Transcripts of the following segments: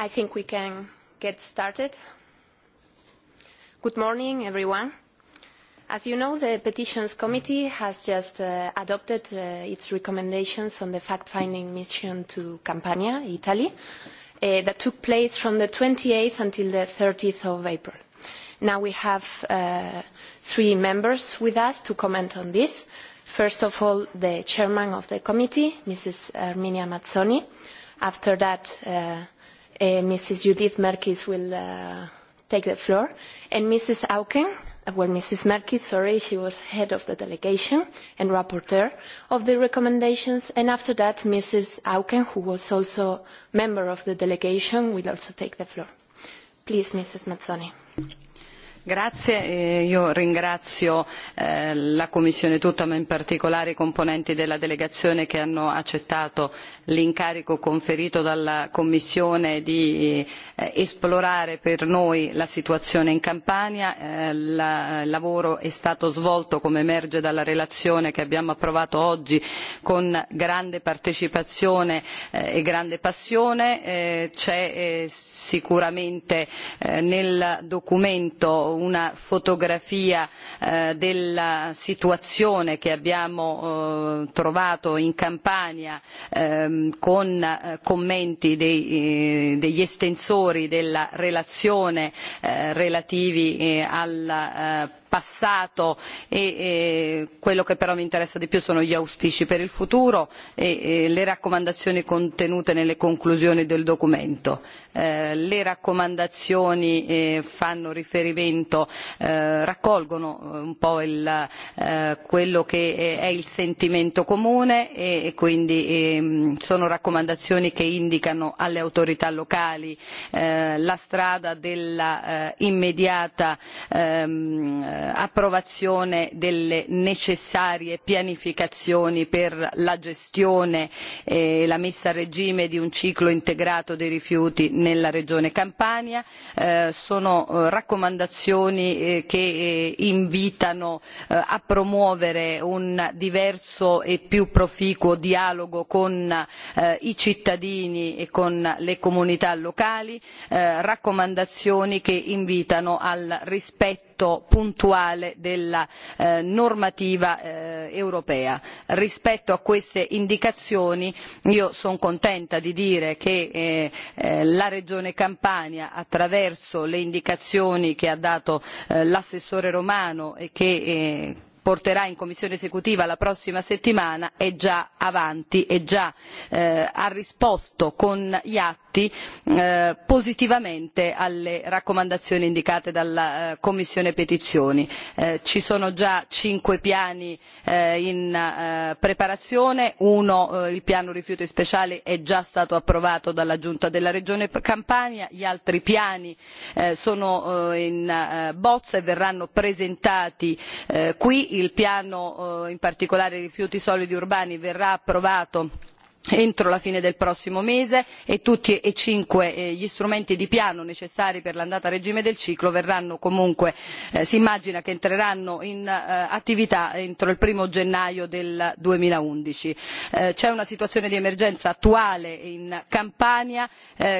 I think we can get started. Good morning, everyone. As you know, the Petitions Committee has just uh, adopted uh, its recommendations on the fact-finding mission to Campania, Italy, uh, that took place from the 28th until the 30th of April. Now we have three members with us to comment on this. First of all, the chairman of the committee, Mrs. Arminia Mazzoni. After that, Eh, Mrs. Judith Merkis will uh, take the floor, and Mrs. Auken, uh, well, Mrs. Merkis, sorry, she was head of the delegation and rapporteur of the recommendations, and after that, Mrs. Auken, who was also member of the delegation, will also take the floor. Please, Mrs. Mazzoni. Grazie, e io ringrazio eh, la Commissione tutta, ma in particolare i componenti della delegazione che hanno accettato l'incarico conferito dalla Commissione di eh, esplorare per noi la situazione in Campania. Eh, il lavoro è stato svolto, come emerge dalla relazione che abbiamo approvato oggi, con grande partecipazione e grande passione. C'è sicuramente nel documento una fotografia eh, della situazione che abbiamo eh, trovato in Campania ehm, con eh, commenti degli estensori della relazione relativi eh, al passato e, e quello che però mi interessa di più sono gli auspici per il futuro e, e le raccomandazioni contenute nelle conclusioni del documento. Eh, le raccomandazioni eh, fanno riferimento, eh, raccolgono un po' il, quello che è il sentimento comune e, e quindi ehm, sono raccomandazioni che indicano alle autorità locali la strada dell'immediata immediata ehm, Eh, approvazione delle necessarie pianificazioni per la gestione e la messa a regime di un ciclo integrato dei rifiuti nella regione Campania. Eh, sono eh, raccomandazioni che invitano a promuovere un diverso e più proficuo dialogo con i cittadini e con le comunità locali, raccomandazioni che invitano al rispetto rispetto puntuale della eh, normativa eh, europea. rispetto a queste indicazioni io sono contenta di dire che eh, eh, la regione campania attraverso le indicazioni che ha dato eh, l'assessore romano e che eh, porterà in commissione esecutiva la prossima settimana è già avanti e già eh, ha risposto con gli atti fatti eh, positivamente alle raccomandazioni indicate dalla eh, Commissione Petizioni. Eh, ci sono già cinque piani eh, in eh, preparazione, uno eh, il piano rifiuti speciali è già stato approvato dalla Giunta della Regione Campania, gli altri piani eh, sono eh, in eh, bozza e verranno presentati eh, qui, il piano eh, in particolare rifiuti solidi urbani verrà approvato entro la fine del prossimo mese e tutti e cinque eh, gli strumenti di piano necessari per l'andata a regime del ciclo verranno comunque eh, si immagina che entreranno in eh, attività entro il primo gennaio del. duemilaundici c'è una situazione di emergenza attuale in campania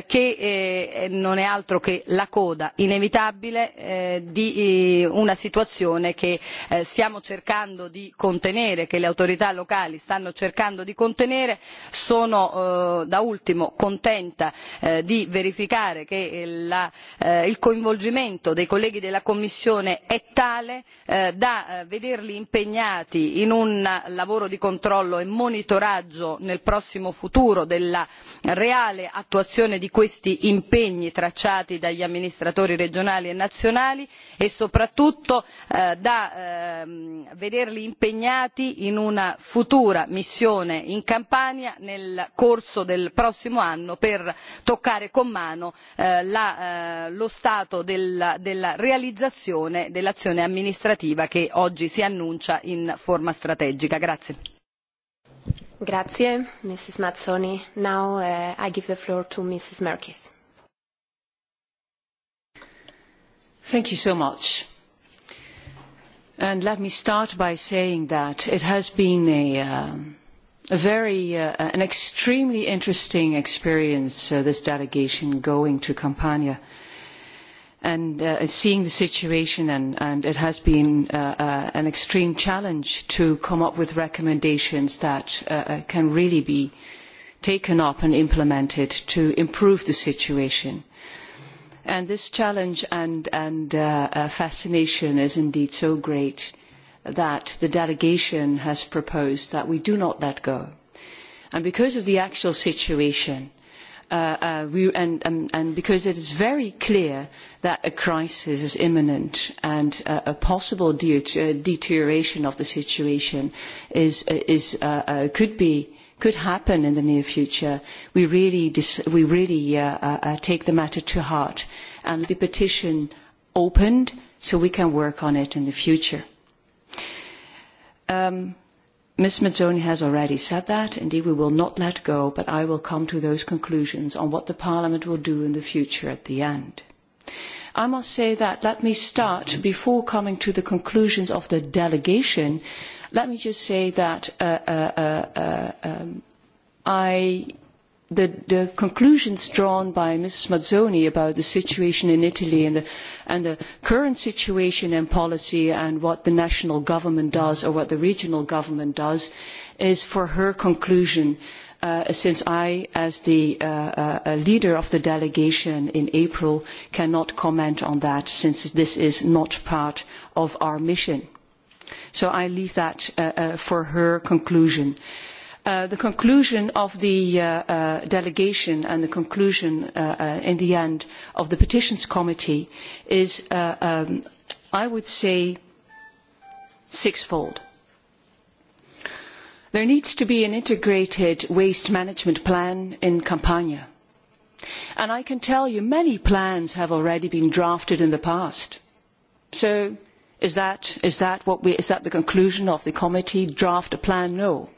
che non è altro che la coda inevitabile di una situazione che stiamo cercando di contenere che le autorità locali stanno cercando di contenere sono eh, da ultimo contenta eh, di verificare che eh, il coinvolgimento dei colleghi della commissione è tale da vederli impegnati in un lavoro di controllo e monitoraggio nel prossimo futuro della reale attuazione di questi impegni tracciati dagli amministratori regionali e nazionali e soprattutto da ehm, vederli impegnati in una futura missione in campania nel corso del prossimo anno per toccare con mano eh, la, eh, lo stato del, della realizzazione dell'azione amministrativa che oggi si annuncia in forma strategica. Grazie. Grazie, Mrs. Mazzoni. Now uh, I give the floor to Mrs. Merkis. Thank you so much. And let me start by saying that it has been a, um, a very, uh, an extremely interesting experience, uh, this delegation going to Campania and uh, seeing the situation, and, and it has been uh, uh, an extreme challenge to come up with recommendations that uh, uh can really be taken up and implemented to improve the situation. And this challenge and, and uh, uh fascination is indeed so great that the delegation has proposed that we do not let go. And because of the actual situation, uh, uh, we, and, um, and because it is very clear that a crisis is imminent and uh, a possible de uh, deterioration of the situation is, uh, is, uh, uh, could be could happen in the near future, we really, dis- we really uh, uh, uh, take the matter to heart and the petition opened so we can work on it in the future. Um, Ms. Mazzoni has already said that. Indeed, we will not let go, but I will come to those conclusions on what the Parliament will do in the future at the end. I must say that let me start before coming to the conclusions of the delegation. Let me just say that uh, uh, uh, uh um, I the, conclusions drawn by Mrs. Mazzoni about the situation in Italy and the, current situation and policy and what the national government does or what the regional government does is for her conclusion. Uh, since I, as the uh, uh, leader of the delegation in April, cannot comment on that since this is not part of our mission. So I leave that for her conclusion. Uh, the conclusion of the uh, uh, delegation and the conclusion uh, uh, in the end of the petitions committee is, um, I would say, sixfold. There needs to be an integrated waste management plan in Campania. And I can tell you many plans have already been drafted in the past. So is that, is that, what we, is that the conclusion of the committee? Draft a plan? No.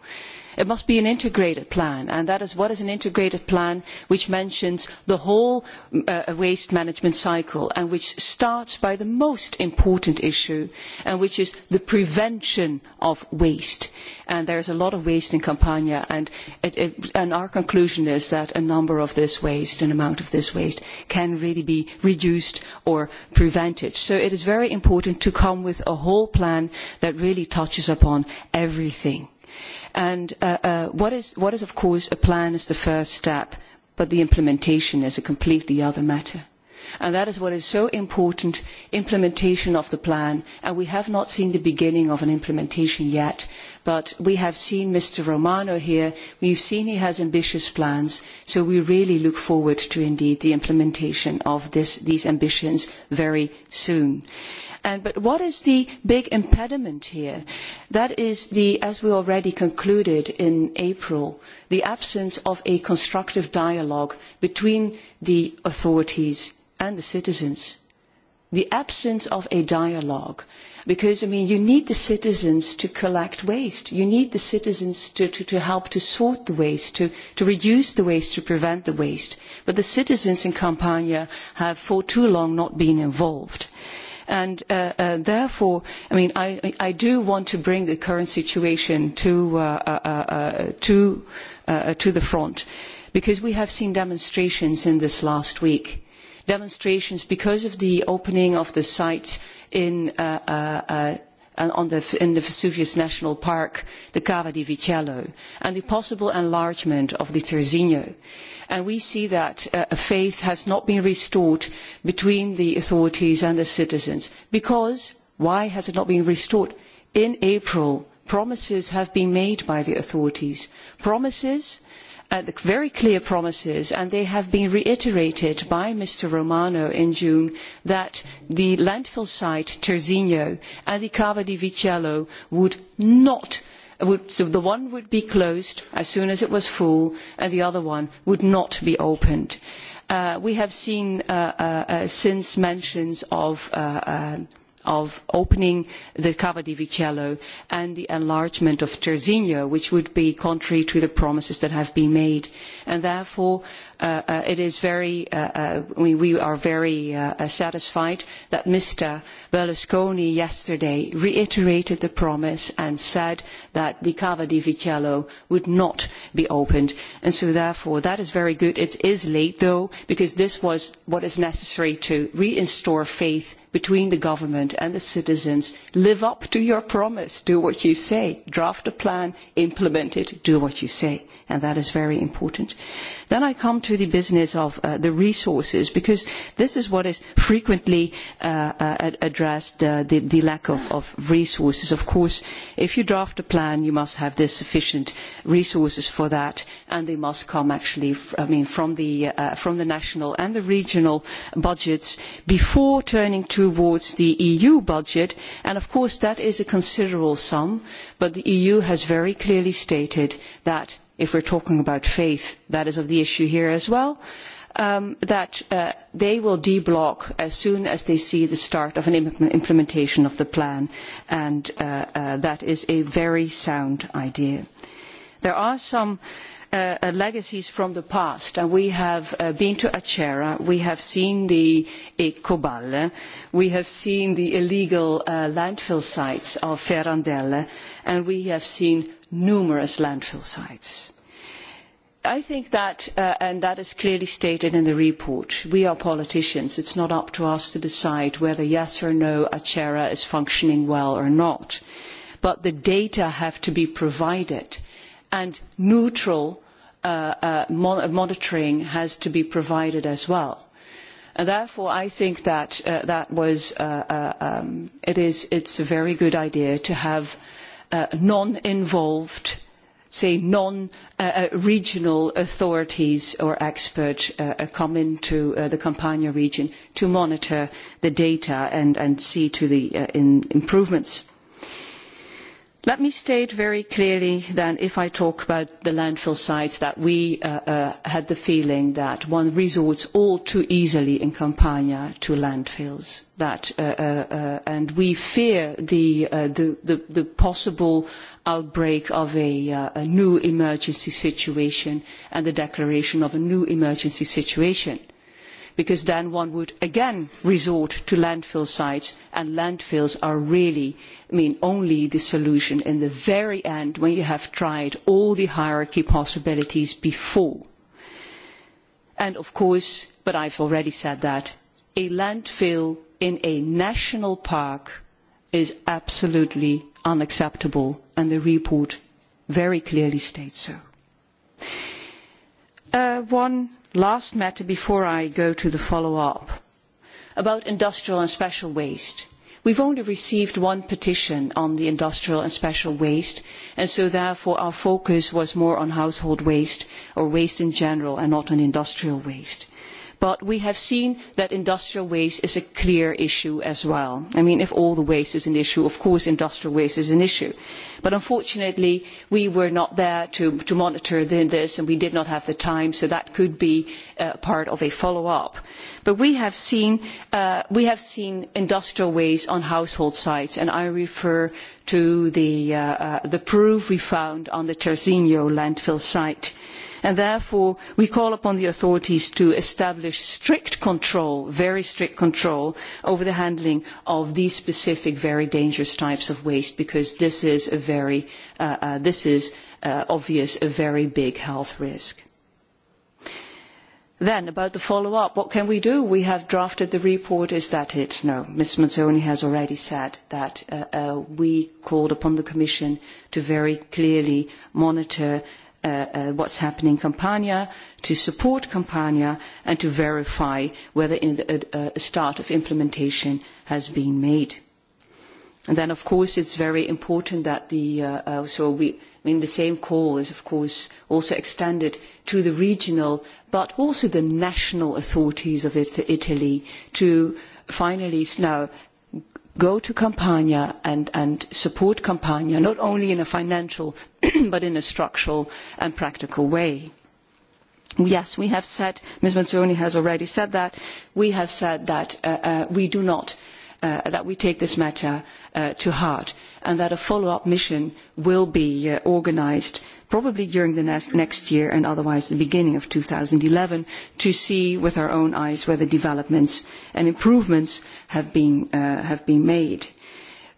It must be an integrated plan, and that is what is an integrated plan which mentions the whole uh, uh, waste management cycle and which starts by the most important issue, and which is the prevention of waste. And there is a lot of waste in Campania, and, it, it, and our conclusion is that a number of this waste, an amount of this waste, can really be reduced or prevented. So it is very important to come with a whole plan that really touches upon everything. And uh, uh, what, is, what is, of course, a plan is the first step, but the implementation is a completely other matter. And that is what is so important, implementation of the plan. And we have not seen the beginning of an implementation yet, but we have seen Mr. Romano here. We've seen he has ambitious plans, so we really look forward to indeed the implementation of this, these ambitions very soon but what is the big impediment here? That is the, as we already concluded in April, the absence of a constructive dialogue between the authorities and the citizens. The absence of a dialogue because I mean you need the citizens to collect waste. You need the citizens to, to, to help to sort the waste, to, to reduce the waste, to prevent the waste. But the citizens in Campania have for too long not been involved. And uh, uh, therefore, I mean, I, I do want to bring the current situation to, uh, uh, uh, uh to, uh, uh, to the front because we have seen demonstrations in this last week. Demonstrations because of the opening of the site in uh, uh, on the, in the Vesuvius National Park, the Cava di Vicello, and the possible enlargement of the Terzigno. And we see that uh, faith has not been restored between the authorities and the citizens. Because, why has it not been restored? In April, promises have been made by the authorities. Promises the uh, very clear promises, and they have been reiterated by Mr. Romano in June, that the landfill site Terzigno and the Cava di Vicello would not would, so the one would be closed as soon as it was full, and the other one would not be opened. Uh, we have seen uh, uh, uh since mentions of uh, of opening the Cava di Vicello and the enlargement of Terzigno, which would be contrary to the promises that have been made. And therefore, uh, uh, it is very, uh, uh we, we, are very uh, uh, satisfied that Mr. Berlusconi yesterday reiterated the promise and said that the Cava di Vicello would not be opened. And so therefore, that is very good. It is late, though, because this was what is necessary to reinstore faith between the government and the citizens. Live up to your promise. Do what you say. Draft a plan. Implement it. Do what you say and that is very important. Then I come to the business of uh, the resources, because this is what is frequently uh, uh, addressed, uh, the, the lack of, of resources. Of course, if you draft a plan, you must have the sufficient resources for that, and they must come actually, I mean, from the, uh, from the national and the regional budgets before turning towards the EU budget. And of course, that is a considerable sum, but the EU has very clearly stated that if we're talking about faith, that is of the issue here as well, um, that uh, they will de deblock as soon as they see the start of an implementation of the plan. And uh, uh, that is a very sound idea. There are some Uh, uh, legacies from the past. And we have uh, been to Acera, we have seen the Ecobal, we have seen the illegal uh, landfill sites of Ferrandelle, and we have seen numerous landfill sites. I think that, uh, and that is clearly stated in the report, we are politicians. It's not up to us to decide whether yes or no Achera is functioning well or not. But the data have to be provided and neutral uh, uh, monitoring has to be provided as well. And therefore, I think that, uh, that was, uh, uh, um, it is, it's a very good idea to have uh, uh, non-involved, say non-regional uh, uh, authorities or experts uh, come into the Campania region to monitor the data and, and see to the in improvements. Let me state very clearly that if I talk about the landfill sites, that we uh, uh, had the feeling that one resorts all too easily in Campania to landfills. That, uh, uh, uh and we fear the, uh, the, the, the, possible outbreak of a, a new emergency situation and the declaration of a new emergency situation because then one would again resort to landfill sites and landfills are really I mean, only the solution in the very end when you have tried all the hierarchy possibilities before. And of course, but I've already said that, a landfill in a national park is absolutely unacceptable and the report very clearly states so. Uh, one last matter before I go to the follow-up about industrial and special waste. We've only received one petition on the industrial and special waste, and so therefore our focus was more on household waste or waste in general and not on industrial waste. But we have seen that industrial waste is a clear issue as well. I mean, if all the waste is an issue, of course industrial waste is an issue. But unfortunately, we were not there to, to monitor the, this and we did not have the time, so that could be uh, part of a follow-up. But we have, seen, uh, we have seen industrial waste on household sites, and I refer to the, uh, uh, the proof we found on the Terzinho landfill site and therefore we call upon the authorities to establish strict control, very strict control, over the handling of these specific very dangerous types of waste because this is a very, uh, uh, this is uh, obvious, a very big health risk. Then, about the follow-up, what can we do? We have drafted the report. Is that it? No. Ms. Mazzoni has already said that uh, uh, we called upon the Commission to very clearly monitor uh, uh, what's happening in Campania, to support Campania, and to verify whether a, uh, uh, a start of implementation has been made. And then, of course, it's very important that the uh, uh, so we I mean the same call is, of course, also extended to the regional, but also the national authorities of Italy to finally now go to Campania and, and support Campania, not only in a financial but in a structural and practical way. Yes, we have said, Ms. Mazzoni has already said that, we have said that uh, uh, we do not, uh, that we take this matter uh, to heart and that a follow-up mission will be uh, organised probably during the next, next year and otherwise the beginning of 2011 to see with our own eyes whether developments and improvements have been, uh, have been made.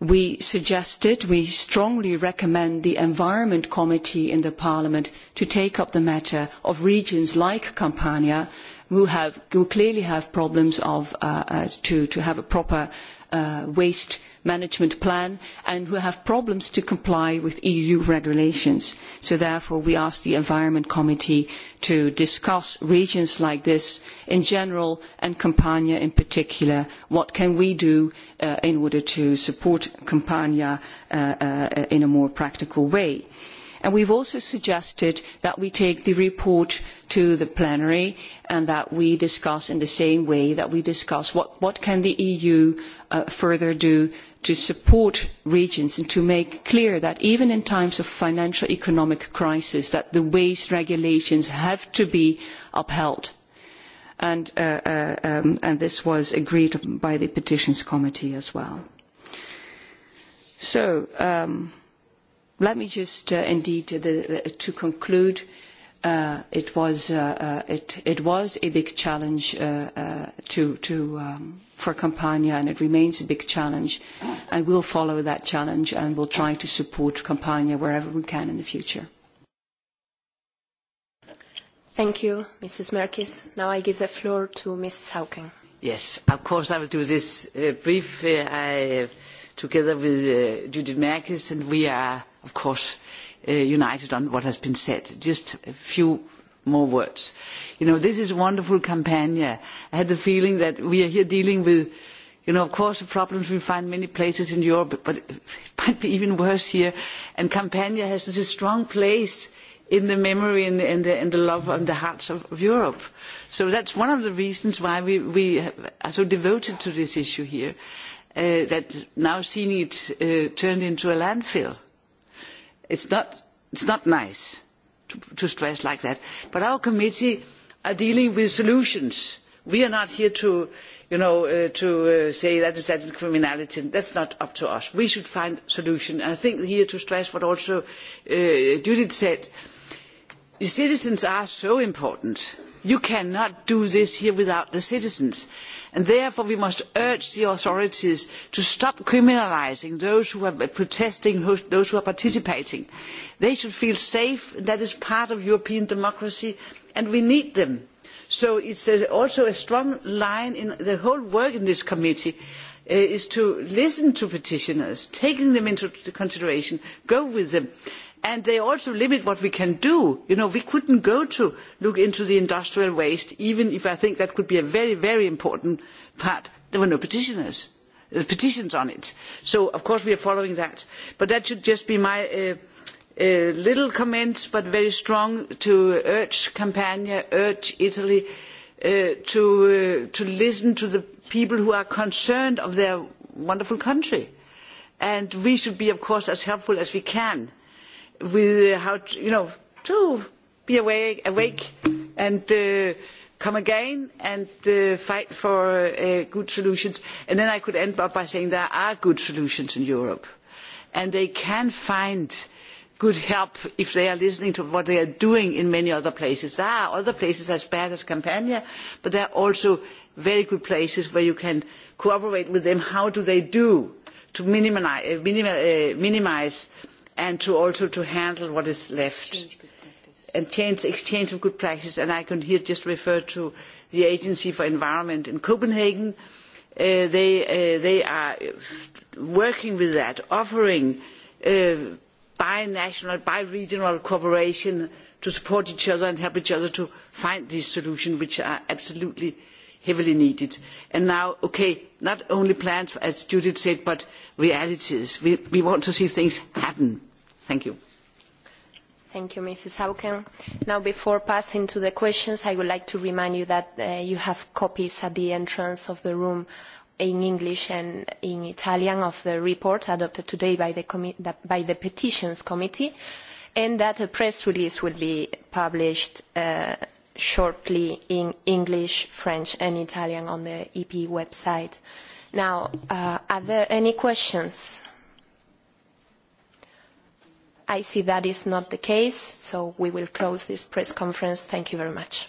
We suggested, we strongly recommend the Environment Committee in the Parliament to take up the matter of regions like Campania who, have, who clearly have problems of, uh, uh, to, to have a proper uh, waste management plan and who have problems to comply with EU regulations. So therefore we ask the Environment Committee to discuss regions like this in general and Campania in particular. What can we do uh, in order to support Campania uh, uh, in a more practical way? and we've also suggested that we take the report to the plenary and that we discuss in the same way that we discuss what, what can the EU uh, further do to support regions and to make clear that even in times of financial economic crisis that the waste regulations have to be upheld and, uh, uh, um, and this was agreed by the petitions committee as well. So um, let me just uh, indeed uh, the, uh, to conclude uh, Uh, it was uh, uh, it, it was a big challenge uh, uh, to, to, um, for Campania, and it remains a big challenge. And we'll follow that challenge, and we'll try to support Campania wherever we can in the future. Thank you, Mrs. Merkis. Now I give the floor to Mrs. Hauken. Yes, of course I will do this brief. I, together with Judith Merkis, and we are, of course, uh, united on what has been said. Just a few more words. You know, this is a wonderful campaign. I had the feeling that we are here dealing with, you know, of course, the problems we find many places in Europe, but it might be even worse here. And Campania has such a strong place in the memory and the, and the, and the love and the hearts of, of Europe. So that's one of the reasons why we, we are so devoted to this issue here, uh, that now seeing it uh, turned into a landfill. It's not, it's not nice to, to stress like that. But our committee are dealing with solutions. We are not here to, you know, uh, to uh, say that is that criminality. That's not up to us. We should find solution. And I think here to stress what also uh, Judith said, the citizens are so important you cannot do this here without the citizens and therefore we must urge the authorities to stop criminalising those who are protesting those who are participating. they should feel safe that is part of european democracy and we need them. so it is also a strong line in the whole work in this committee uh, is to listen to petitioners taking them into consideration go with them and they also limit what we can do. You know, we couldn't go to look into the industrial waste, even if I think that could be a very, very important part. There were no petitioners, uh, petitions on it. So, of course, we are following that. But that should just be my uh, uh, little comment, but very strong to urge Campania, urge Italy uh, to, uh, to listen to the people who are concerned of their wonderful country. And we should be, of course, as helpful as we can with how you know to be awake, awake and uh, come again and uh, fight for uh, good solutions. And then I could end up by saying there are good solutions in Europe, and they can find good help if they are listening to what they are doing in many other places. There are other places as bad as Campania, but there are also very good places where you can cooperate with them. How do they do to uh, uh, minimize, minimize and to also to handle what is left and change exchange of good practice and i can here just refer to the agency for environment in copenhagen uh, they uh, they are working with that offering uh, bi-national bi-regional cooperation to support each other and help each other to find these solutions which are absolutely uh, heavily needed. And now, okay, not only plans, as Judith said, but realities. We, we want to see things happen. Thank you. Thank you, Mrs. Hauken. Now, before passing to the questions, I would like to remind you that uh, you have copies at the entrance of the room in English and in Italian of the report adopted today by the, by the Petitions Committee, and that a press release will be published uh, shortly in English, French and Italian on the EP website. Now, uh, are there any questions? I see that is not the case, so we will close this press conference. Thank you very much.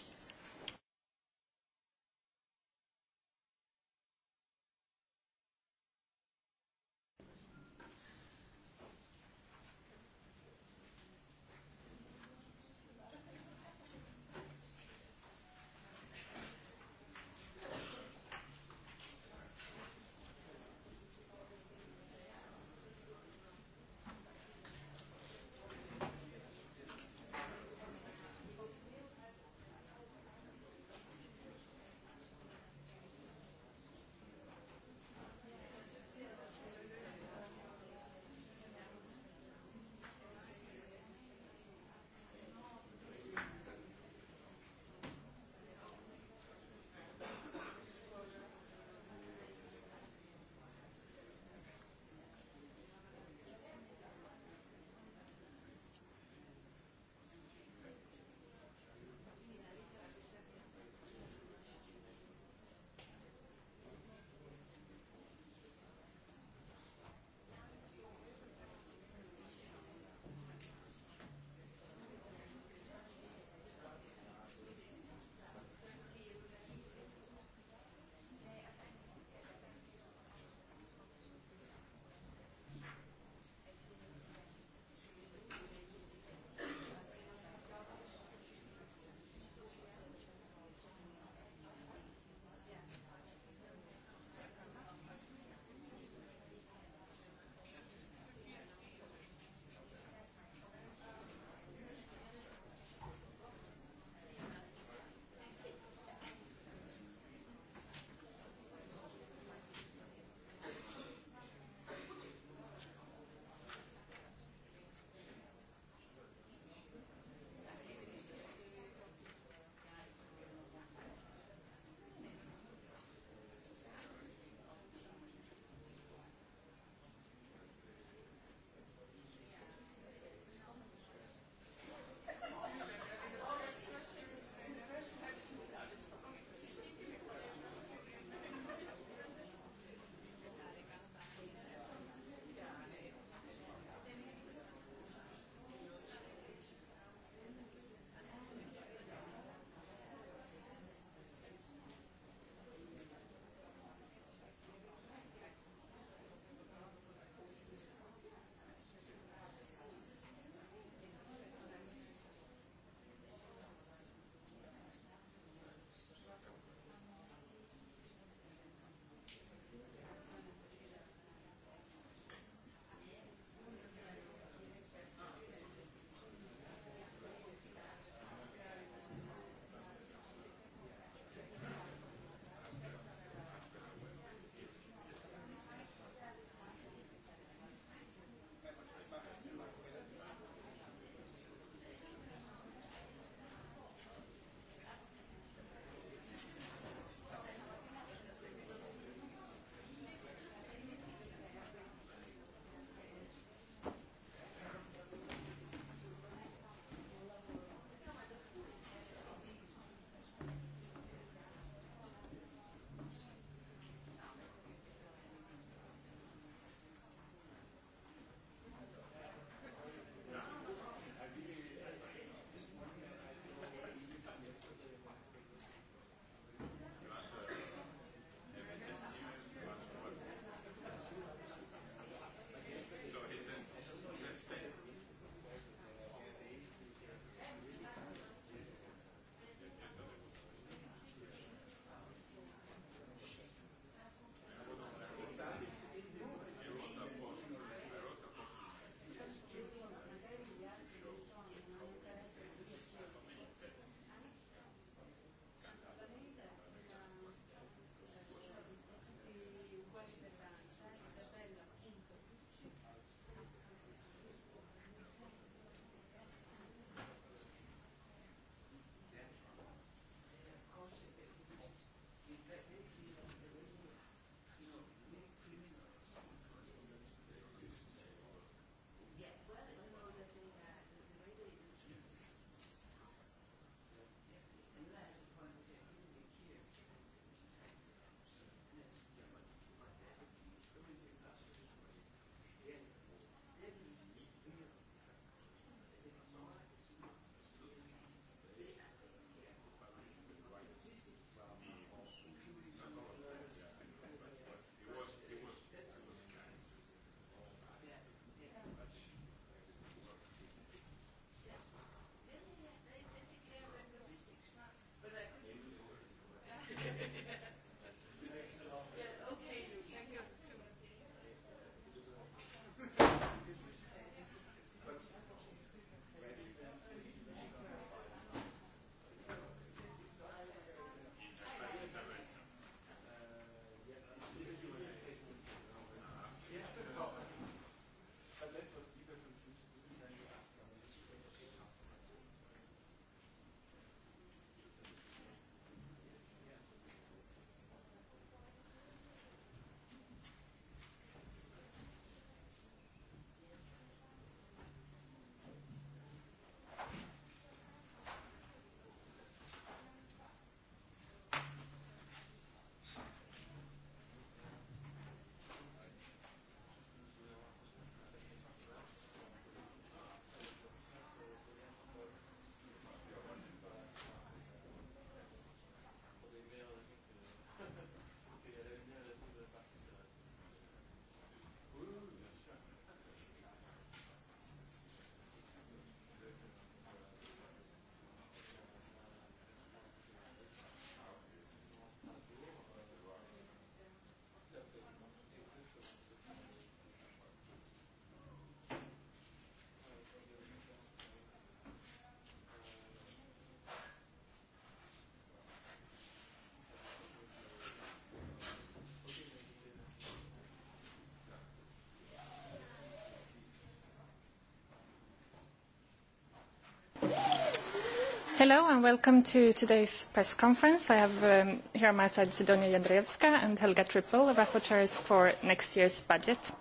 Hello, and welcome to today's press conference. I have um, here on my side Sidonia Jędrzejewska and Helga Trippel, rapporteurs for next year's budget.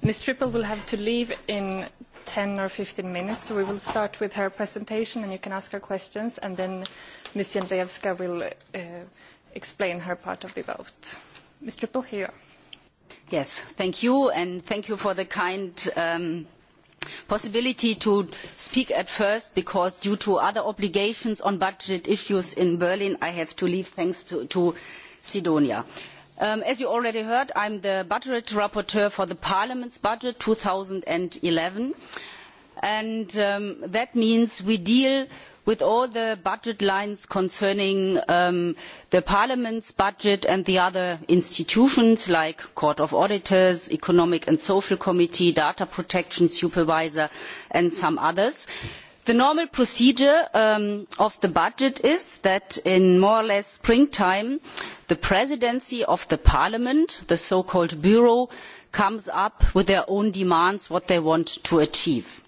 Ms. Trippel will have to leave in 10 or 15 minutes, so we will start with her presentation, and you can ask her questions, and then Ms. Jędrzejewska will uh, explain her part of the vote. Ms. Trippel, here you are. Yes, thank you, and thank you for the kind um, possibility to speak at first because due to other obligations on budget issues in Berlin I have to leave thanks to, to Sidonia. Um, as you already heard, I'm the budget rapporteur for the Parliament's budget 2011 and um, that means we deal with all the budget lines concerning um, the parliament's budget and the other institutions like court of auditors economic and social committee data protection supervisor and some others the normal procedure um, of the budget is that in more or less springtime the presidency of the parliament the so called bureau comes up with their own demands what they want to achieve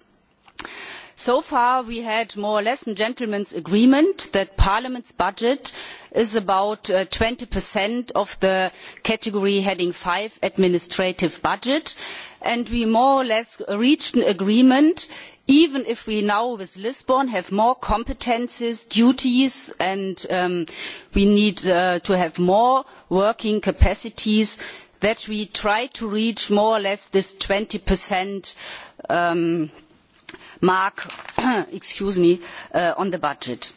so far we had more or less a gentlemen's agreement that parliament's budget is about uh, twenty of the category heading five administrative budget and we more or less reached an agreement even if we now with lisbon have more competences duties and um, we need uh, to have more working capacities that we try to reach more or less this twenty um, mark uh, on the budget.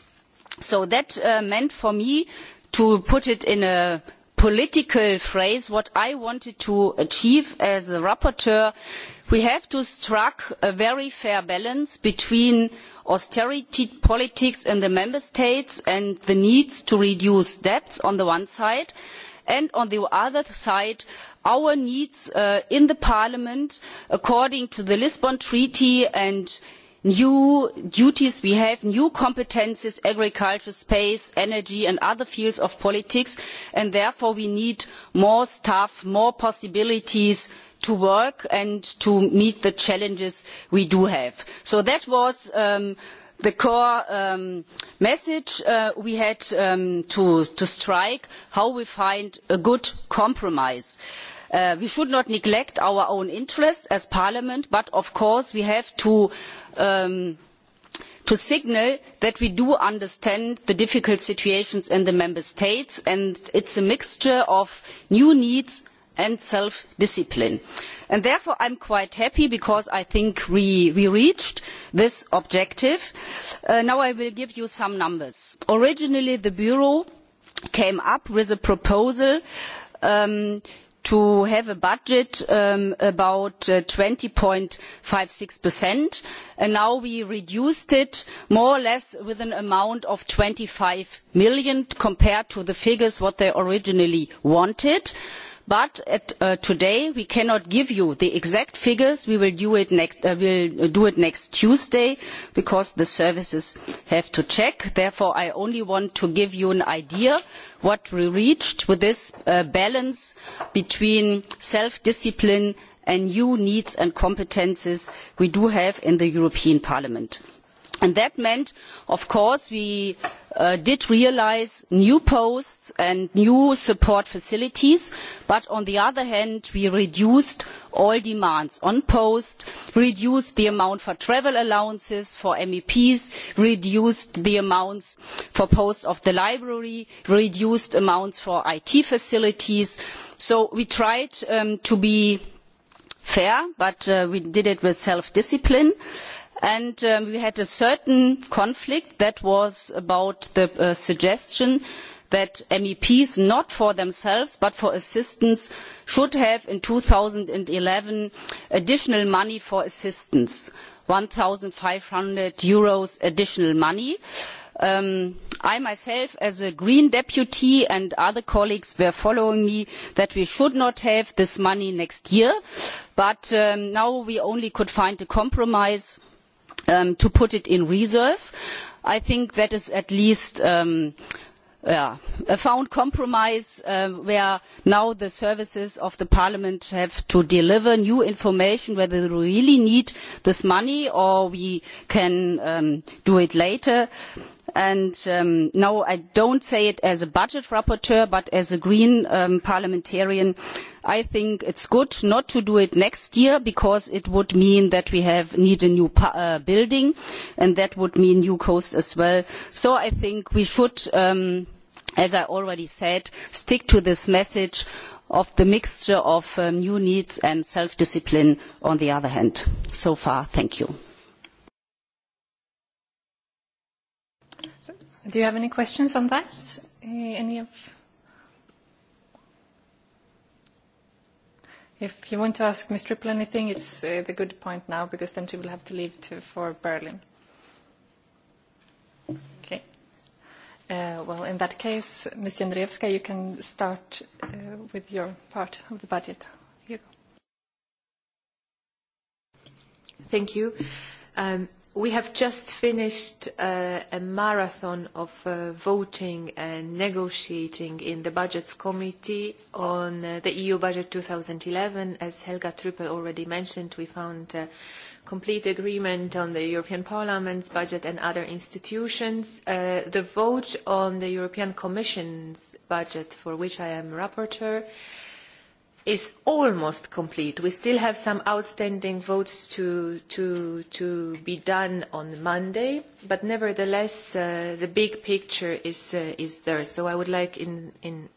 So that uh, meant for me to put it in a political phrase what I wanted to achieve as the rapporteur. We have to strike a very fair balance between austerity politics in the member states and the need to reduce debts on the one side and on the other side our needs uh, in parliament according to the lisbon treaty and new duties we have new competences agriculture space energy and other fields of politics and therefore we need more staff more possibilities to work and to meet the challenges we have. so that was um, the core um, message uh, we had um, to, to strike how we find a good compromise. Uh, we should not neglect our own interests as parliament but of course we have to, um, to signal that we do understand the difficult situations in the member states and it is a mixture of new needs and self discipline. therefore i am quite happy because i think we, reached this objective. Uh, now i will give you some numbers. originally the bureau came up with a proposal um, to have a budget of um, about uh, twenty 20.56% uh, and now we reduced it more or less with an amount of twenty five million compared to the figures what they originally wanted but uh, today we cannot give you the exact figures. we will uh, uh, do it next, tuesday because the services have to check. therefore i only want to give you an idea of what we reached with this balance between self discipline and new needs and competences we have in the european parliament. And that meant of course we uh, did realise new posts and new support facilities but on the other hand we reduced all demands on posts reduced the amount for travel allowances for meps reduced the amounts for posts of the library reduced amounts for it facilities so we tried um, to be fair but uh, we did it with self discipline and and um, we had a certain conflict that was about the uh, suggestion that meps not for themselves but for assistance should have in two thousand and eleven additional money for assistance eur one five hundred additional money. Um, i myself as a green deputy and other colleagues were following me that we should not have this money next year but um, now we could only find a compromise Um, to put it in reserve. I think that is at least um, yeah, a found compromise uh, where now the services of the parliament have to deliver new information whether we really need this money or we can um, do it later. Uh, and um, no, I do not say it as a budget rapporteur, but as a green um, parliamentarian, I think it is good not to do it next year because it would mean that we have need a new uh, building, and that would mean new costs as well. So I think we should, um, as I already said, stick to this message of the mixture of new needs and self-discipline on the other hand. So far, thank you. Do you have any questions on that? Eh, any of... If you want to ask Ms. Triple anything, it's eh, the good point now, because then she will have to leave to, for Berlin. Okay. Eh, well, in that case, Ms. Jędrzejewska, you can start with your part of the budget. Here you go. Thank you. Um, we have just finished uh, a marathon of uh, voting and negotiating in the Budgets Committee on uh, the EU Budget 2011. As Helga Trüppel already mentioned, we found uh, complete agreement on the European Parliament's budget and other institutions. Uh, the vote on the European Commission's budget, for which I am rapporteur, uh, is almost complete. We still have some outstanding votes to, to, to be done on Monday, but nevertheless, uh, the big picture is, uh, is there. So I would like in, in,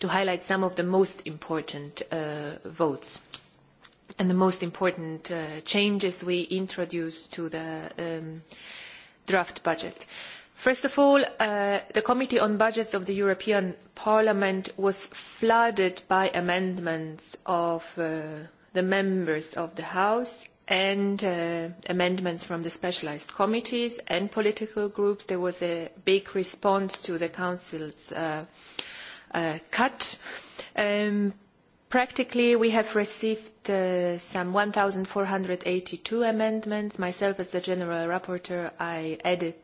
to highlight some of the most important uh, votes and the most important changes we introduced to the um, draft budget. First of all, uh, the Committee on Budgets of the European Parliament was flooded by amendments of uh, the members of the House and uh, amendments from the specialized committees and political groups. There was a big response to the Council's uh, uh, cut. Um, Practically, we have received uh, some 1,482 amendments. Myself, as the General Rapporteur, I added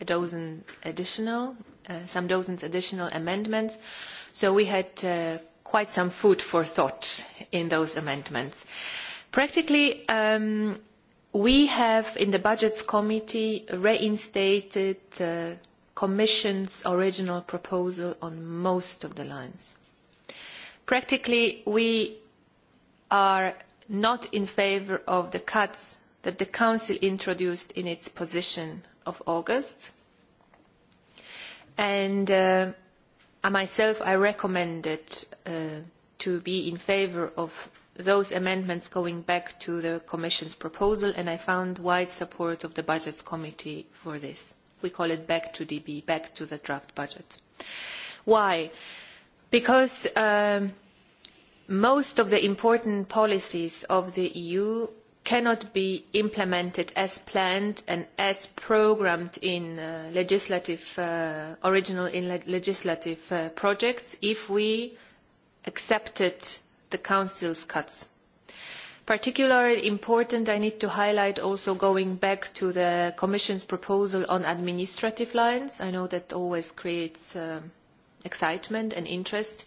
a dozen additional, uh, some dozens additional amendments. So we had uh, quite some food for thought in those amendments. Practically, um, we have in the Budgets Committee reinstated uh, Commission's original proposal on most of the lines. Practically, we are not in favour of the cuts that the Council introduced in its position of August. And uh, I myself, I recommended uh, to be in favor of those amendments going back to the Commission's proposal, and I found wide support of the Budgets Committee for this. We call it back to DB, back to the draft budget. Why? Because um, most of the important policies of the EU cannot be implemented as planned and as programmed in uh, legislative, uh, original in le legislative uh, projects if we accepted the Council's cuts. Particularly important, I need to highlight also going back to the Commission's proposal on administrative lines. I know that always creates um, excitement and interest. Uh,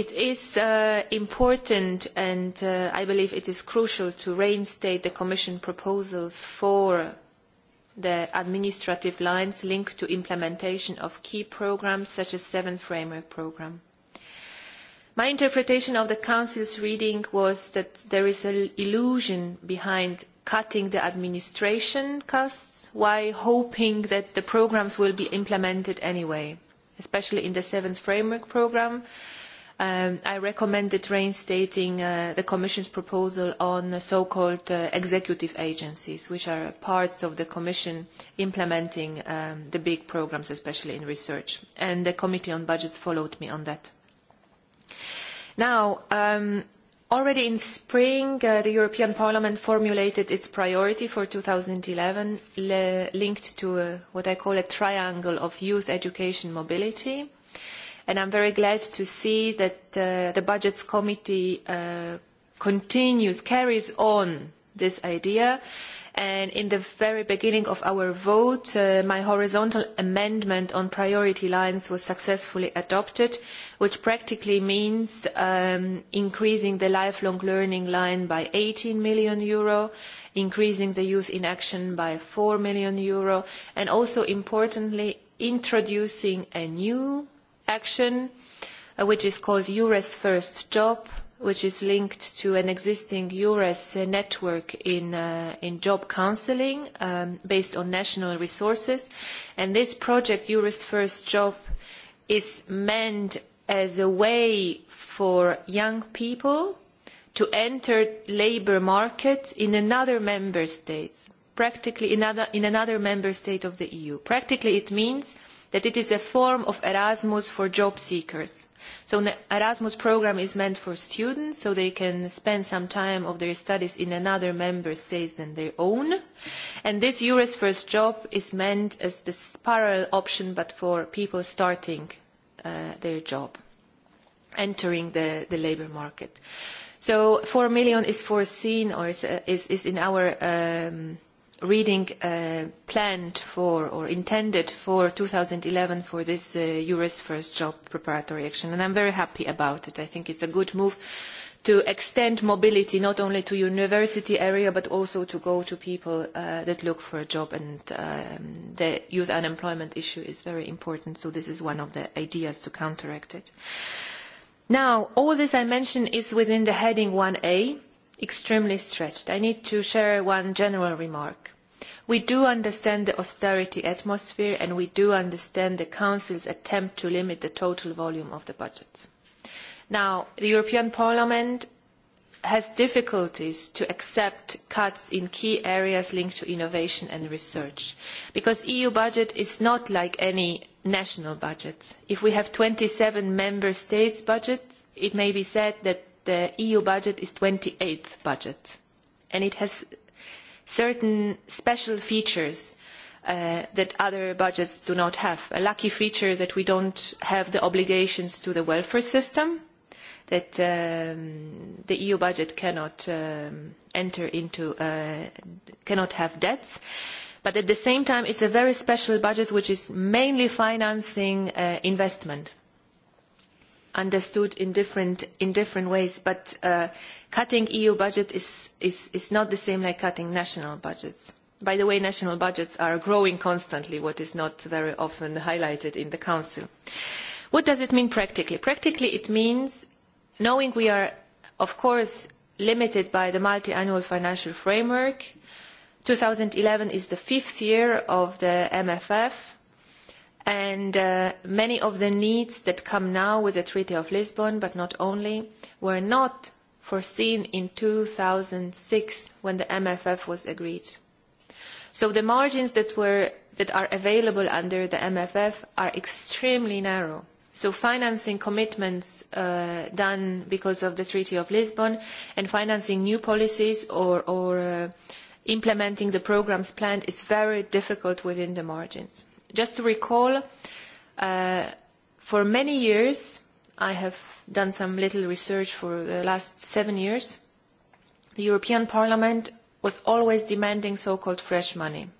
It is uh, important and uh, I believe it is crucial to reinstate the Commission proposals for the administrative lines linked to implementation of key programmes such as seventh framework programme. My interpretation of the Council's reading was that there is an illusion behind cutting the administration costs while hoping that the programmes will be implemented anyway, especially in the seventh framework programme Um, I recommended reinstating uh, the Commission's proposal on so-called uh, executive agencies, which are parts of the Commission implementing um, the big programs, especially in research. And the Committee on Budgets followed me on that. Now, um, already in spring, uh, the European Parliament formulated its priority for 2011, le linked to a, uh, what I call a triangle of youth education mobility – and I'm very glad to see that uh, the Budgets Committee uh, continues, carries on this idea. And in the very beginning of our vote, uh, my horizontal amendment on priority lines was successfully adopted, which practically means um, increasing the lifelong learning line by 18 million euro, increasing the youth in action by 4 million euro, and also importantly, introducing a new action, uh, which is called EURES First Job, which is linked to an existing EURES network in, uh, in job counselling um, based on national resources. And this project, EURES First Job, is meant as a way for young people to enter labour market in another member state, practically in, other, in another member state of the EU. Practically it means that it is a form of Erasmus for job seekers. So the Erasmus program is meant for students, so they can spend some time of their studies in another member state than their own. And this Euros First Job is meant as the parallel option, but for people starting uh, their job, entering the, the labour market. So 4 million is foreseen or is, uh, is, is in our um, reading uh, planned for or intended for 2011 for this uh, Eures First Job preparatory action. And I'm very happy about it. I think it's a good move to extend mobility not only to university area but also to go to people uh, that look for a job and um, the youth unemployment issue is very important so this is one of the ideas to counteract it. Now all this I mentioned is within the heading 1A extremely stretched. I need to share one general remark. We do understand the austerity atmosphere and we do understand the Council's attempt to limit the total volume of the budget. Now, the European Parliament has difficulties to accept cuts in key areas linked to innovation and research because EU budget is not like any national budget. If we have 27 member states' budgets, it may be said that the EU budget is 28th budget, and it has certain special features uh, that other budgets do not have. A lucky feature that we don't have the obligations to the welfare system, that um, the EU budget cannot um, enter into, uh, cannot have debts. But at the same time, it's a very special budget which is mainly financing uh, investment understood in different in different ways. But uh, cutting EU budget is, is is not the same like cutting national budgets. By the way, national budgets are growing constantly, what is not very often highlighted in the Council. What does it mean practically? Practically, it means knowing we are, of course, limited by the multiannual financial framework. 2011 is the fifth year of the MFF And uh, many of the needs that come now with the Treaty of Lisbon, but not only, were not foreseen in 2006 when the MFF was agreed. So the margins that, are available under the MFF are extremely narrow. So financing commitments uh, done because of the Treaty of Lisbon and financing new policies or, uh, implementing the programs planned is very difficult within the margins. Just to recall, uh, for many years, I have done some little research for the last seven years, the European Parliament was always demanding so-called fresh money,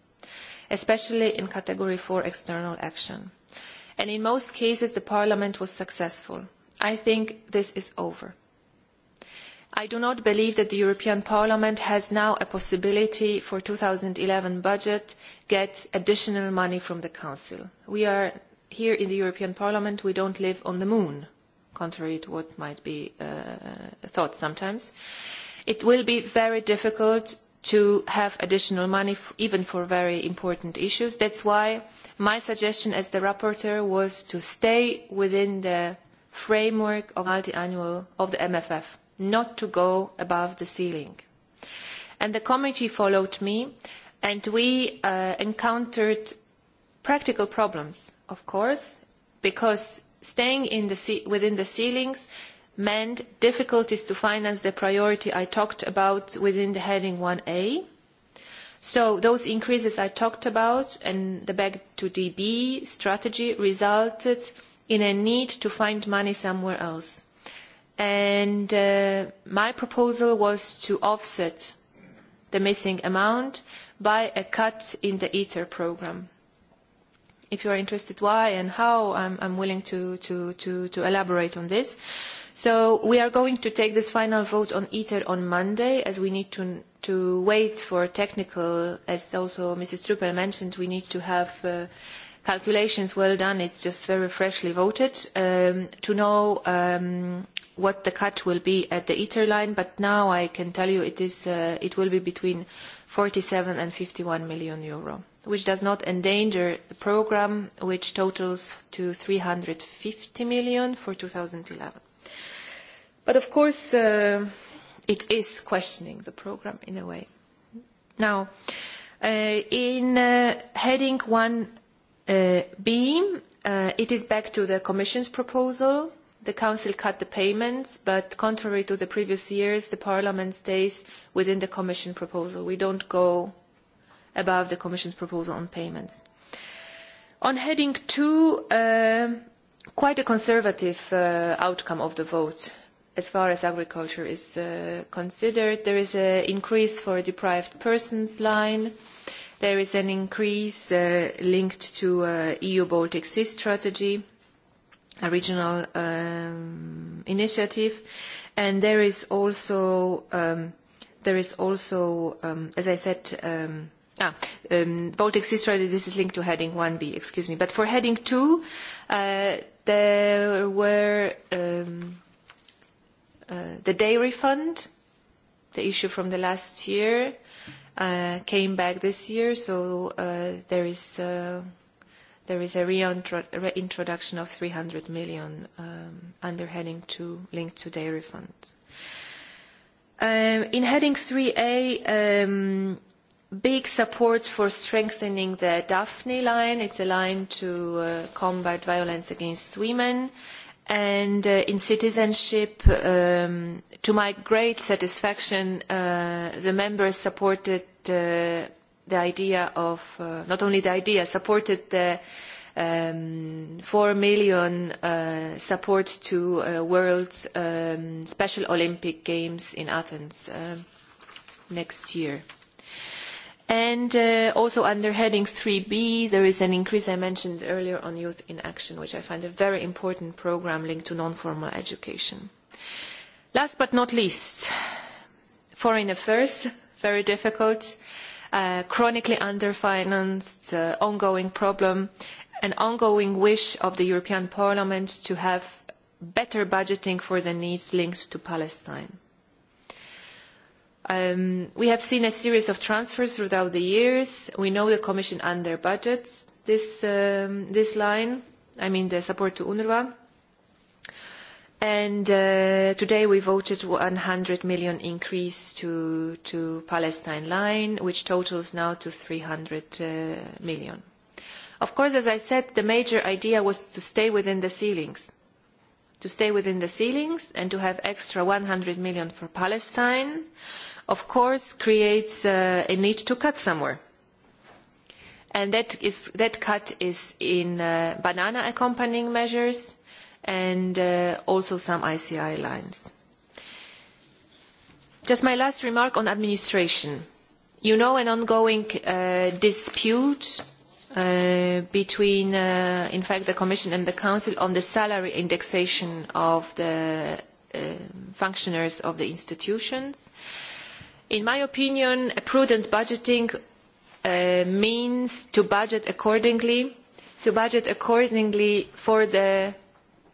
especially in category 4 external action. And in most cases, the Parliament was successful. I think this is over I do not believe that the European Parliament has now a possibility for 2011 budget get additional money from the Council. We are here in the European Parliament, we don't live on the moon, contrary to what might be uh, thought sometimes. It will be very difficult to have additional money even for very important issues. That's why my suggestion as the rapporteur was to stay within the framework of multi-annual of the MFF not to go above the ceiling. And the committee followed me, and we uh, encountered practical problems, of course, because staying in the within the ceilings meant difficulties to finance the priority I talked about within the heading 1A. So those increases I talked about and the back to DB strategy resulted in a need to find money somewhere else and uh, my proposal was to offset the missing amount by a cut in the ITER program. If you are interested why and how, I'm, I'm willing to, elaborate on this. So we are going to take this final vote on ITER on Monday, as we need to, wait for technical, as also Mrs. Truppel mentioned, we need to have uh, calculations well done. It's just very freshly voted um, to know um, what the cut will be at the ITER line, but now I can tell you it is, uh, it will be between 47 and 51 million euro, which does not endanger the program, which totals to 350 million for 2011. But of course, uh, it is questioning the program in a way. Now, uh, in heading 1B, it is back to the Commission's proposal, The Council cut the payments, but contrary to the previous years, the Parliament stays within the Commission proposal. We don't go above the Commission's proposal on payments. On heading two, um, quite a conservative uh, outcome of the vote as far as agriculture is uh, considered. There is an increase for deprived persons line. There is an increase uh, linked to EU Baltic Sea strategy a regional um, initiative. And there is also, um, there is also um, as I said, um, ah, um, Baltic Sea Strategy, this is linked to Heading 1B, excuse me. But for Heading 2, uh, there were um, uh, the dairy fund, the issue from the last year, uh, came back this year, so uh, there is... Uh, there is a reintroduction of 300 million um, under heading 2 linked to dairy funds. Um, in heading 3A, um, big support for strengthening the Daphne line. It's a line to uh, combat violence against women. And uh, in citizenship, um, to my great satisfaction, uh, the members supported uh, the idea of, uh, not only the idea, supported the um, million uh, support to uh, World um, Special Olympic Games in Athens uh, next year. And uh, also under heading 3B, there is an increase I mentioned earlier on youth in action, which I find a very important program linked to non-formal education. Last but not least, foreign affairs, very difficult. Uh, Uh, chronically underfinanced, uh, ongoing problem, an ongoing wish of the European Parliament to have better budgeting for the needs linked to Palestine. Um, we have seen a series of transfers throughout the years. We know the Commission under budgets this, um, this line, I mean the support to UNRWA. And uh, today we voted 100 million increase to, Palestine line, which totals now to 300 uh, million. Of course, as I said, the major idea was to stay within the ceilings, to stay within the ceilings and to have extra 100 million for Palestine, of course, creates uh, a need to cut somewhere. And that cut is in uh, banana accompanying measures, and uh, also some ICI lines. Just my last remark on administration. You know an ongoing uh, dispute uh, between, in fact, the Commission and the Council on the salary indexation of the functionaries of the institutions. In my opinion, a prudent budgeting means to budget accordingly, to budget accordingly for the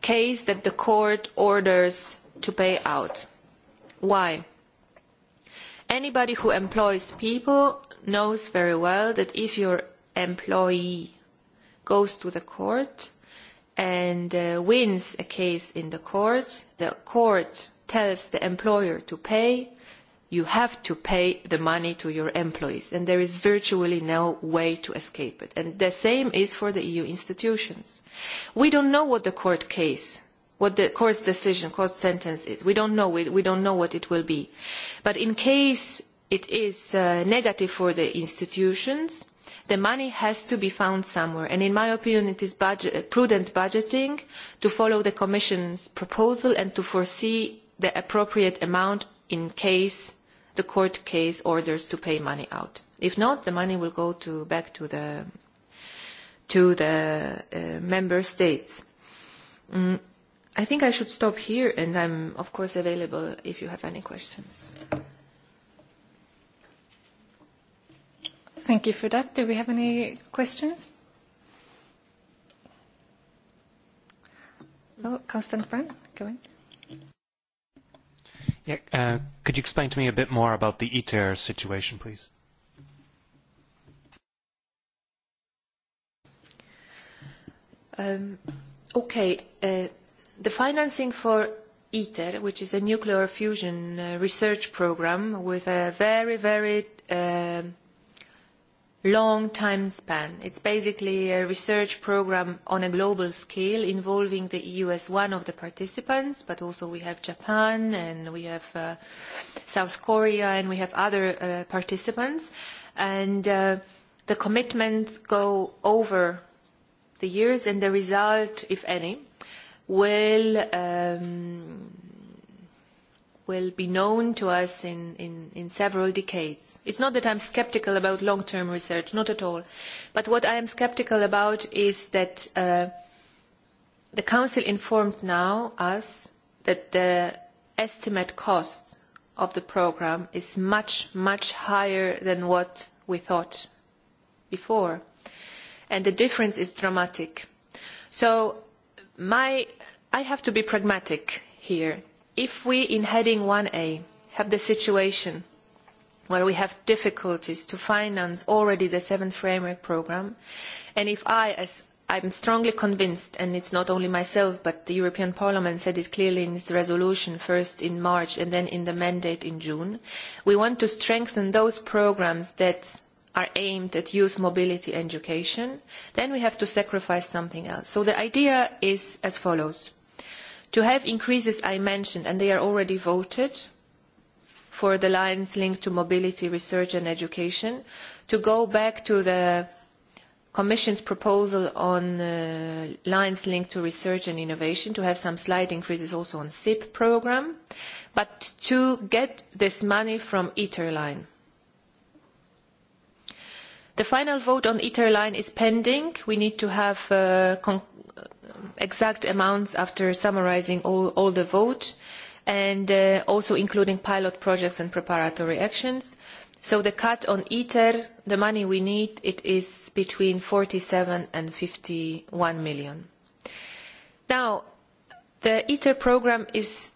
case that the court orders to pay out. Why? Anybody who employs people knows very well that if your employee goes to the court and uh, wins a case in the court, the court tells the employer to pay, you have to pay the money to your employees, and there is virtually no way to escape it. And the same is for the EU institutions. We don't know what the court case what the court's decision, court's sentence is. We don't know. We, we don't know what it will be. But in case it is uh, negative for the institutions, the money has to be found somewhere. And in my opinion, it is budget, uh, prudent budgeting to follow the Commission's proposal and to foresee the appropriate amount in case the court case orders to pay money out. If not, the money will go to, back to the, to the uh, member states. Mm, I think I should stop here, and I'm, of course, available if you have any questions. Thank you for that. Do we have any questions? No, Constant Brand, go ahead. Yeah, uh, could you explain to me a bit more about the ITER situation, please? Um, okay. Uh, the financing for ITER, which is a nuclear fusion uh, research program with a very, very long time span. It's basically a research program on a global scale involving the EU as one of the participants, but also we have Japan and we have uh, South Korea and we have other uh, participants. And uh, the commitments go over the years and the result, if any, will um, will be known to us in, in, in several decades. It's not that I'm skeptical about long-term research, not at all. But what I am skeptical about is that uh, the Council informed now us that the estimate cost of the programme is much, much higher than what we thought before. And the difference is dramatic. So my, I have to be pragmatic here if we in heading 1A have the situation where we have difficulties to finance already the seventh framework programme, and if I, as I'm strongly convinced, and it's not only myself, but the European Parliament said it clearly in its resolution, first in March and then in the mandate in June. We want to strengthen those programmes that are aimed at youth mobility and education. Then we have to sacrifice something else. So the idea is as follows. To have increases I mentioned, and they are already voted for the lines linked to mobility, research and education, to go back to the Commission's proposal on uh, lines linked to research and innovation to have some slight increases also on SIP program, but to get this money from ITER line. The final vote on ITER line is pending. We need to have uh, exact amounts after summarising all, all the vote and uh, also including pilot projects and preparatory actions. So the cut on ITER, the money we need, it is between 47 and 51 million. Now, the ITER program is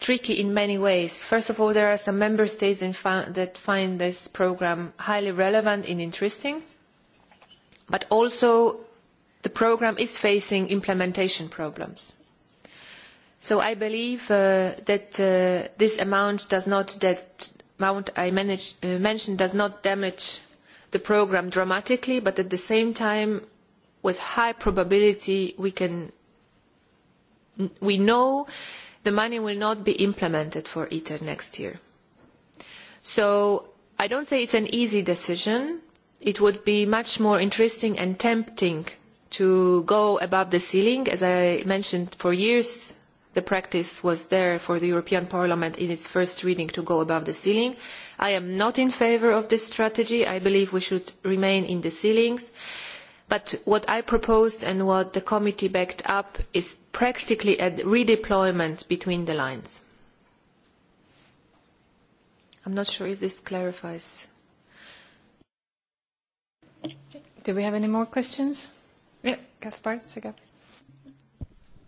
tricky in many ways. First of all, there are some member states that find this program highly relevant and interesting, but also the programme is facing implementation problems. So I believe uh, that uh, this amount does not that amount I manage, uh, mentioned does not damage the programme dramatically, but at the same time, with high probability, we can we know the money will not be implemented for ITER next year. So I don't say it's an easy decision. It would be much more interesting and tempting to go above the ceiling. As I mentioned, for years the practice was there for the European Parliament in its first reading to go above the ceiling. I am not in favor of this strategy. I believe we should remain in the ceilings. what I proposed and what the committee backed up is practically a redeployment between the lines. I'm not sure if this clarifies. Do we have any more questions? Yeah, Gaspar, Sega.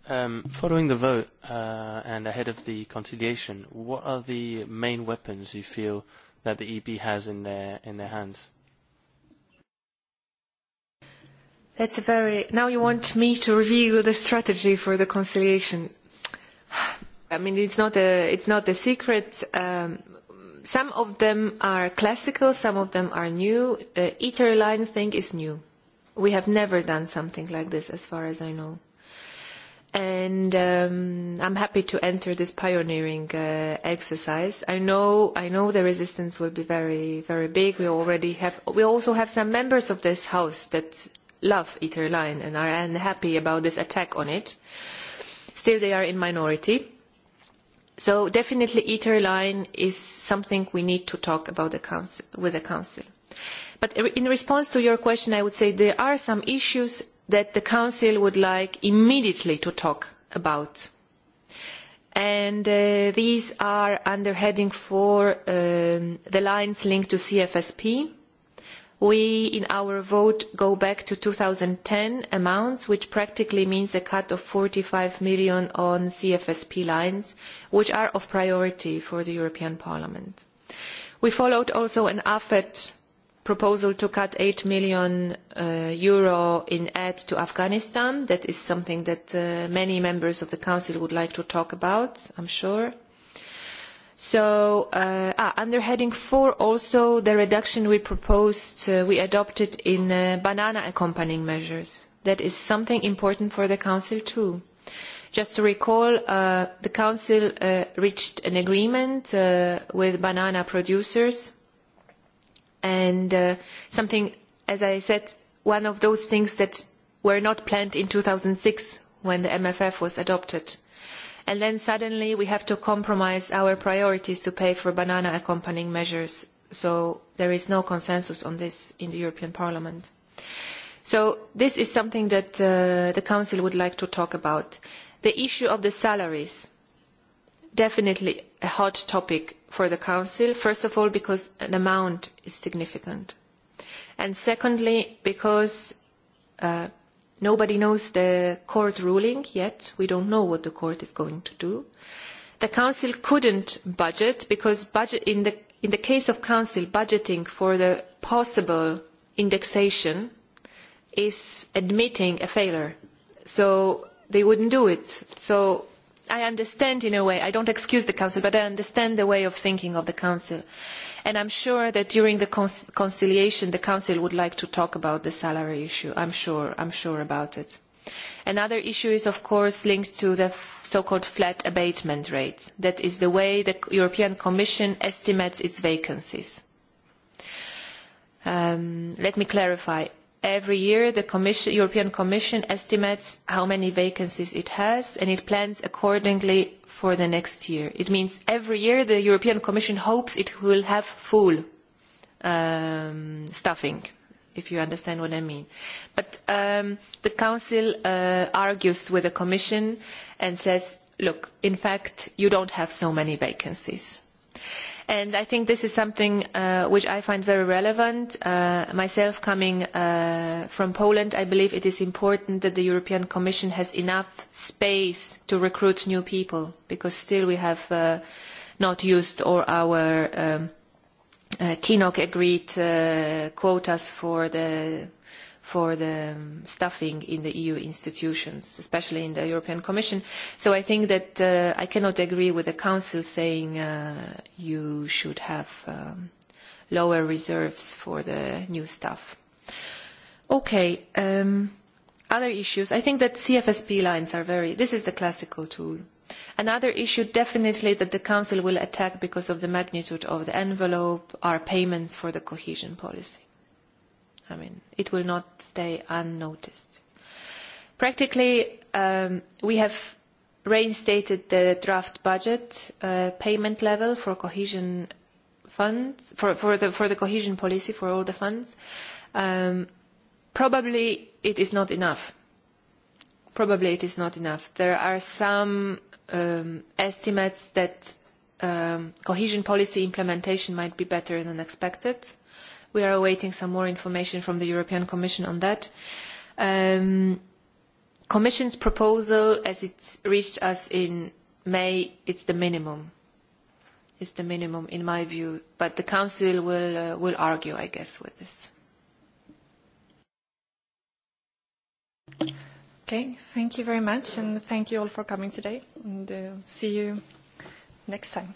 Um, following the vote uh, and ahead of the conciliation, what are the main weapons you feel that the EB has in their in their hands? That's a very. Now you want me to reveal the strategy for the conciliation. I mean, it's not a it's not a secret. Um, some of them are classical, some of them are new. The ITER line thing is new We have never done something like this, as far as I know. And um, I'm happy to enter this pioneering uh, exercise. I know, I know the resistance will be very, very big. We already have, we also have some members of this house that love Eterline and are unhappy about this attack on it. Still, they are in minority. So definitely, Eterline is something we need to talk about the council, with the council. But in response to your question, I would say there are some issues that the Council would like immediately to talk about. And uh, these are under heading for um, the lines linked to CFSP. We, in our vote, go back to 2010 amounts, which practically means a cut of 45 million on CFSP lines, which are of priority for the European Parliament. We followed also an AFET proposal to cut 8 million uh, euro in aid to Afghanistan. That is something that uh, many members of the Council would like to talk about, I'm sure. So uh, ah, under heading 4 also the reduction we proposed, uh, we adopted in uh, banana accompanying measures. That is something important for the Council too. Just to recall, uh, the Council uh, reached an agreement uh, with banana producers and uh, something, as I said, one of those things that were not planned in 2006 when the MFF was adopted. And then suddenly we have to compromise our priorities to pay for banana accompanying measures. So there is no consensus on this in the European Parliament. So this is something that uh, the Council would like to talk about. The issue of the salaries, definitely a hot topic for the Council, first of all, because an amount is significant. And secondly, because uh, nobody knows the court ruling yet. We don't know what the court is going to do. The Council couldn't budget because budget in the, in the case of Council, budgeting for the possible indexation is admitting a failure. So they wouldn't do it. So I understand in a way, I don't excuse the Council, but I understand the way of thinking of the Council. And I'm sure that during the con conciliation, the Council would like to talk about the salary issue. I'm sure, I'm sure about it. Another issue is, of course, linked to the so-called flat abatement rate. That is the way the European Commission estimates its vacancies. Um, let me clarify. Every year, the commission, European Commission estimates how many vacancies it has, and it plans accordingly for the next year. It means every year the European Commission hopes it will have full um, staffing, if you understand what I mean. But um, the Council uh, argues with the Commission and says, look, in fact, you don't have so many vacancies. And I think this is something uh, which I find very relevant. Uh, myself coming uh, from Poland, I believe it is important that the European Commission has enough space to recruit new people because still we have uh, not used all our um, uh, agreed uh, quotas for the for the um, staffing in the EU institutions, especially in the European Commission. So I think that uh, I cannot agree with the Council saying uh, you should have um, lower reserves for the new staff. Okay. Um, other issues. I think that CFSP lines are very, this is the classical tool. Another issue definitely that the Council will attack because of the magnitude of the envelope are payments for the cohesion policy I mean, it will not stay unnoticed. Practically, um, we have reinstated the draft budget uh, payment level for cohesion funds, for, for, the, for the cohesion policy, for all the funds. Um, probably it is not enough. Probably it is not enough. There are some um, estimates that um, cohesion policy implementation might be better than expected. We are awaiting some more information from the European Commission on that. The um, Commission's proposal, as it's reached us in May, it's the minimum. It's the minimum, in my view. But the Council will, uh, will argue, I guess, with this. Okay, thank you very much, and thank you all for coming today, and uh, see you next time.